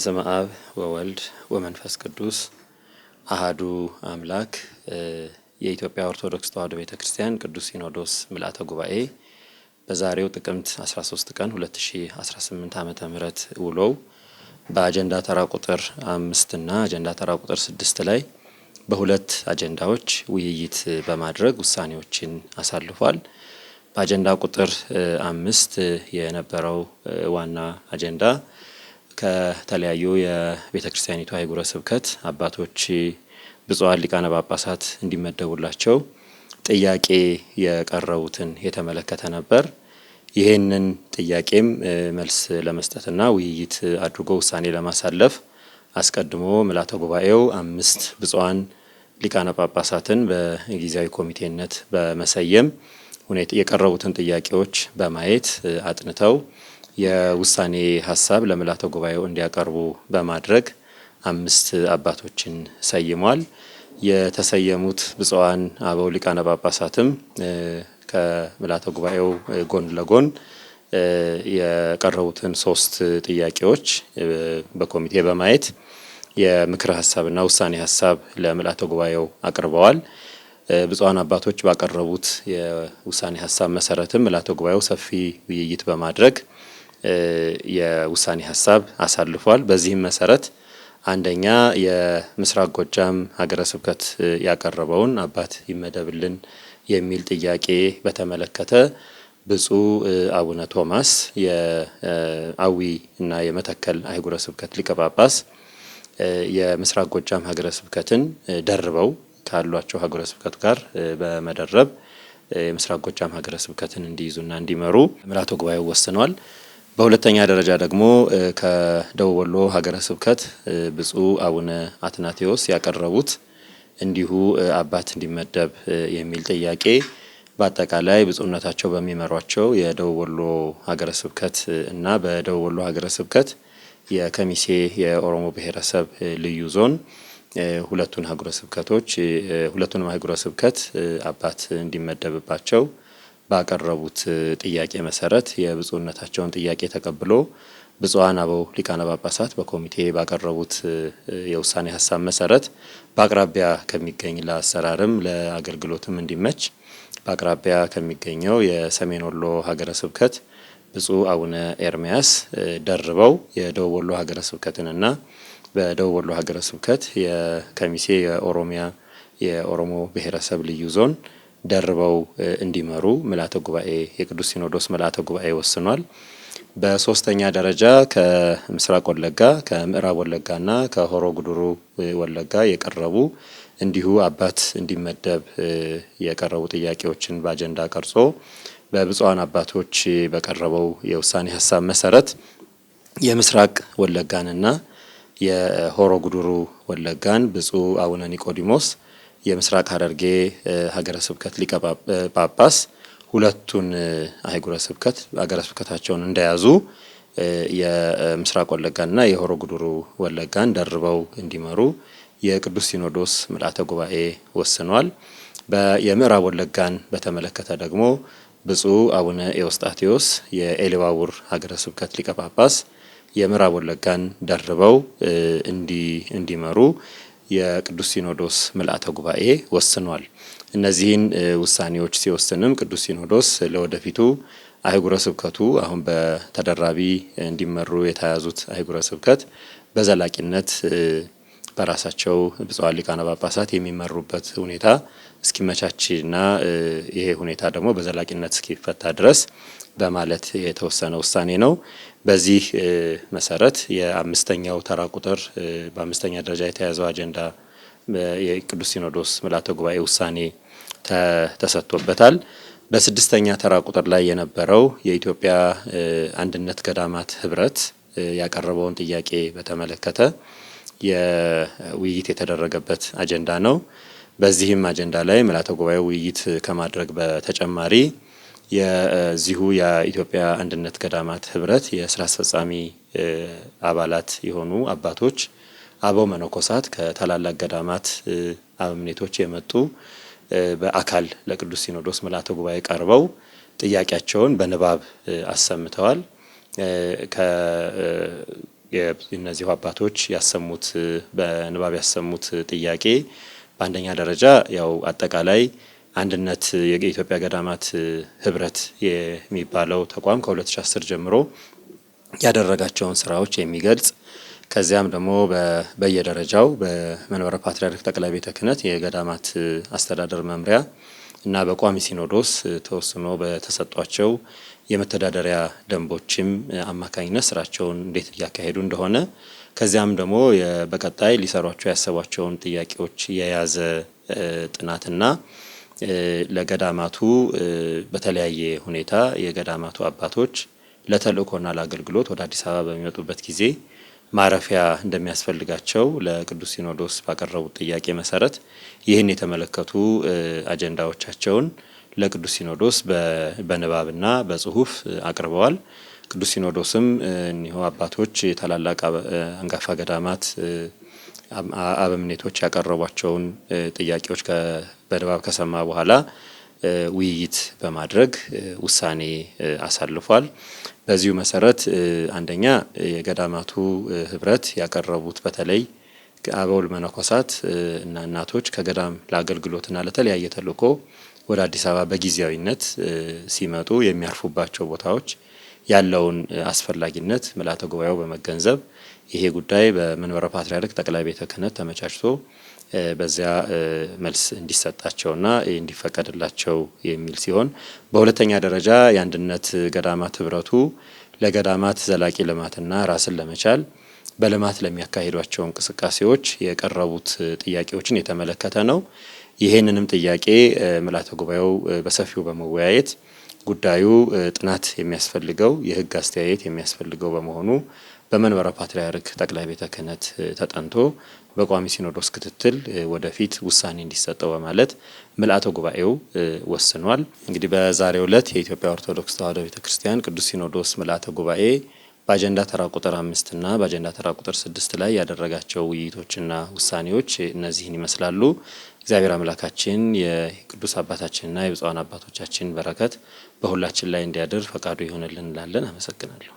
በስመ አብ ወወልድ ወመንፈስ ቅዱስ አህዱ አምላክ። የኢትዮጵያ ኦርቶዶክስ ተዋሕዶ ቤተ ክርስቲያን ቅዱስ ሲኖዶስ ምልአተ ጉባኤ በዛሬው ጥቅምት 13 ቀን 2018 ዓ ም ውሎው በአጀንዳ ተራ ቁጥር አምስት እና አጀንዳ ተራ ቁጥር ስድስት ላይ በሁለት አጀንዳዎች ውይይት በማድረግ ውሳኔዎችን አሳልፏል። በአጀንዳ ቁጥር አምስት የነበረው ዋና አጀንዳ ከተለያዩ የቤተ ክርስቲያኒቱ አህጉረ ስብከት አባቶች ብፁዓን ሊቃነ ጳጳሳት እንዲመደቡላቸው ጥያቄ የቀረቡትን የተመለከተ ነበር። ይህንን ጥያቄም መልስ ለመስጠትና ውይይት አድርጎ ውሳኔ ለማሳለፍ አስቀድሞ ምልዓተ ጉባኤው አምስት ብፁዓን ሊቃነ ጳጳሳትን በጊዜያዊ ኮሚቴነት በመሰየም የቀረቡትን ጥያቄዎች በማየት አጥንተው የውሳኔ ሀሳብ ለምልዓተ ጉባኤው እንዲያቀርቡ በማድረግ አምስት አባቶችን ሰይሟል። የተሰየሙት ብፁዓን አበው ሊቃነ ጳጳሳትም ከምልዓተ ጉባኤው ጎን ለጎን የቀረቡትን ሶስት ጥያቄዎች በኮሚቴ በማየት የምክር ሀሳብና ውሳኔ ሀሳብ ለምልዓተ ጉባኤው አቅርበዋል። ብፁዓን አባቶች ባቀረቡት የውሳኔ ሀሳብ መሰረትም ምልዓተ ጉባኤው ሰፊ ውይይት በማድረግ የውሳኔ ሀሳብ አሳልፏል። በዚህም መሰረት አንደኛ የምስራቅ ጎጃም ሀገረ ስብከት ያቀረበውን አባት ይመደብልን የሚል ጥያቄ በተመለከተ ብፁዕ አቡነ ቶማስ የአዊ እና የመተከል አህጉረ ስብከት ሊቀ ጳጳስ የምስራቅ ጎጃም ሀገረ ስብከትን ደርበው ካሏቸው ሀገረ ስብከት ጋር በመደረብ የምስራቅ ጎጃም ሀገረ ስብከትን እንዲይዙና እንዲመሩ ምልዓተ ጉባኤው ወስኗል። በሁለተኛ ደረጃ ደግሞ ከደቡብ ወሎ ሀገረ ስብከት ብፁዕ አቡነ አትናቴዎስ ያቀረቡት እንዲሁ አባት እንዲመደብ የሚል ጥያቄ በአጠቃላይ ብፁዕነታቸው በሚመሯቸው የደቡብ ወሎ ሀገረ ስብከት እና በደቡብ ወሎ ሀገረ ስብከት የከሚሴ የኦሮሞ ብሔረሰብ ልዩ ዞን ሁለቱን ሀገረ ስብከቶች ሁለቱንም ሀገረ ስብከት አባት እንዲመደብባቸው ባቀረቡት uh, ጥያቄ መሰረት የብፁዕነታቸውን ጥያቄ ተቀብሎ ብፁዓን አበው ሊቃነ ጳጳሳት በኮሚቴ ባቀረቡት uh, የውሳኔ ሀሳብ መሰረት በአቅራቢያ ከሚገኝ ለአሰራርም ለአገልግሎትም እንዲመች በአቅራቢያ ከሚገኘው የሰሜን ወሎ ሀገረ ስብከት ብፁዕ አቡነ ኤርሚያስ uh, ደርበው የደቡብ ወሎ ሀገረ ስብከትንና በደቡብ ወሎ ሀገረ ስብከት የከሚሴ የኦሮሚያ የኦሮሞ ብሔረሰብ ልዩ ዞን ደርበው እንዲመሩ ምልዓተ ጉባኤ የቅዱስ ሲኖዶስ ምልዓተ ጉባኤ ወስኗል። በሶስተኛ ደረጃ ከምስራቅ ወለጋ ከምዕራብ ወለጋና ከሆሮ ጉድሩ ወለጋ የቀረቡ እንዲሁ አባት እንዲመደብ የቀረቡ ጥያቄዎችን በአጀንዳ ቀርጾ በብፁዓን አባቶች በቀረበው የውሳኔ ሀሳብ መሰረት የምስራቅ ወለጋንና የሆሮ ጉድሩ ወለጋን ብፁዕ አቡነ ኒቆዲሞስ የምስራቅ ሐረርጌ ሀገረ ስብከት ሊቀ ጳጳስ ሁለቱን አህጉረ ስብከት ሀገረ ስብከታቸውን እንደያዙ የምስራቅ ወለጋና የሆሮ ጉዱሩ ወለጋን ደርበው እንዲመሩ የቅዱስ ሲኖዶስ ምልአተ ጉባኤ ወስኗል። የምዕራብ ወለጋን በተመለከተ ደግሞ ብፁዕ አቡነ ኤዎስጣቴዎስ የኤሊባቡር ሀገረ ስብከት ሊቀ ጳጳስ የምዕራብ ወለጋን ደርበው እንዲመሩ የቅዱስ ሲኖዶስ ምልአተ ጉባኤ ወስኗል። እነዚህን ውሳኔዎች ሲወስንም ቅዱስ ሲኖዶስ ለወደፊቱ አህጉረ ስብከቱ አሁን በተደራቢ እንዲመሩ የተያዙት አህጉረ ስብከት በዘላቂነት በራሳቸው ብፁዓን ሊቃነ ጳጳሳት የሚመሩበት ሁኔታ እስኪመቻችና ይሄ ሁኔታ ደግሞ በዘላቂነት እስኪፈታ ድረስ በማለት የተወሰነ ውሳኔ ነው። በዚህ መሰረት የአምስተኛው ተራ ቁጥር በአምስተኛ ደረጃ የተያዘው አጀንዳ የቅዱስ ሲኖዶስ ምልዓተ ጉባኤ ውሳኔ ተሰጥቶበታል። በስድስተኛ ተራ ቁጥር ላይ የነበረው የኢትዮጵያ አንድነት ገዳማት ህብረት ያቀረበውን ጥያቄ በተመለከተ የውይይት የተደረገበት አጀንዳ ነው። በዚህም አጀንዳ ላይ ምልዓተ ጉባኤው ውይይት ከማድረግ በተጨማሪ የዚሁ የኢትዮጵያ አንድነት ገዳማት ህብረት የስራ አስፈጻሚ አባላት የሆኑ አባቶች አበው መነኮሳት ከታላላቅ ገዳማት አበምኔቶች የመጡ በአካል ለቅዱስ ሲኖዶስ ምልዓተ ጉባኤ ቀርበው ጥያቄያቸውን በንባብ አሰምተዋል። እነዚሁ አባቶች ያሰሙት በንባብ ያሰሙት ጥያቄ በአንደኛ ደረጃ ያው አጠቃላይ አንድነት የኢትዮጵያ ገዳማት ህብረት የሚባለው ተቋም ከ2010 ጀምሮ ያደረጋቸውን ስራዎች የሚገልጽ ከዚያም ደግሞ በየደረጃው በመንበረ ፓትርያርክ ጠቅላይ ቤተ ክህነት የገዳማት አስተዳደር መምሪያ እና በቋሚ ሲኖዶስ ተወስኖ በተሰጧቸው የመተዳደሪያ ደንቦችም አማካኝነት ስራቸውን እንዴት እያካሄዱ እንደሆነ ከዚያም ደግሞ በቀጣይ ሊሰሯቸው ያሰቧቸውን ጥያቄዎች የያዘ ጥናትና ለገዳማቱ በተለያየ ሁኔታ የገዳማቱ አባቶች ለተልእኮና ለአገልግሎት ወደ አዲስ አበባ በሚመጡበት ጊዜ ማረፊያ እንደሚያስፈልጋቸው ለቅዱስ ሲኖዶስ ባቀረቡት ጥያቄ መሰረት ይህን የተመለከቱ አጀንዳዎቻቸውን ለቅዱስ ሲኖዶስ በንባብና በጽሁፍ አቅርበዋል። ቅዱስ ሲኖዶስም እኒሁ አባቶች የታላላቅ አንጋፋ ገዳማት አበምኔቶች ያቀረቧቸውን ጥያቄዎች በንባብ ከሰማ በኋላ ውይይት በማድረግ ውሳኔ አሳልፏል። በዚሁ መሰረት አንደኛ የገዳማቱ ህብረት ያቀረቡት በተለይ አበውል መነኮሳት እና እናቶች ከገዳም ለአገልግሎትና ለተለያየ ተልእኮ ወደ አዲስ አበባ በጊዜያዊነት ሲመጡ የሚያርፉባቸው ቦታዎች ያለውን አስፈላጊነት ምልዓተ ጉባኤው በመገንዘብ ይሄ ጉዳይ በመንበረ ፓትርያርክ ጠቅላይ ቤተ ክህነት ተመቻችቶ በዚያ መልስ እንዲሰጣቸውና እንዲፈቀድላቸው የሚል ሲሆን በሁለተኛ ደረጃ የአንድነት ገዳማት ህብረቱ ለገዳማት ዘላቂ ልማትና ራስን ለመቻል በልማት ለሚያካሂዷቸው እንቅስቃሴዎች የቀረቡት ጥያቄዎችን የተመለከተ ነው። ይህንንም ጥያቄ ምልዓተ ጉባኤው በሰፊው በመወያየት ጉዳዩ ጥናት የሚያስፈልገው የህግ አስተያየት የሚያስፈልገው በመሆኑ በመንበረ ፓትርያርክ ጠቅላይ ቤተ ክህነት ተጠንቶ በቋሚ ሲኖዶስ ክትትል ወደፊት ውሳኔ እንዲሰጠው በማለት ምልአተ ጉባኤው ወስኗል። እንግዲህ በዛሬው ዕለት የኢትዮጵያ ኦርቶዶክስ ተዋሕዶ ቤተ ክርስቲያን ቅዱስ ሲኖዶስ ምልአተ ጉባኤ በአጀንዳ ተራ ቁጥር አምስት እና በአጀንዳ ተራ ቁጥር ስድስት ላይ ያደረጋቸው ውይይቶችና ውሳኔዎች እነዚህን ይመስላሉ። እግዚአብሔር አምላካችን የቅዱስ አባታችንና የብፁዓን አባቶቻችን በረከት በሁላችን ላይ እንዲያድር ፈቃዱ ይሆንልን እንላለን። አመሰግናለሁ።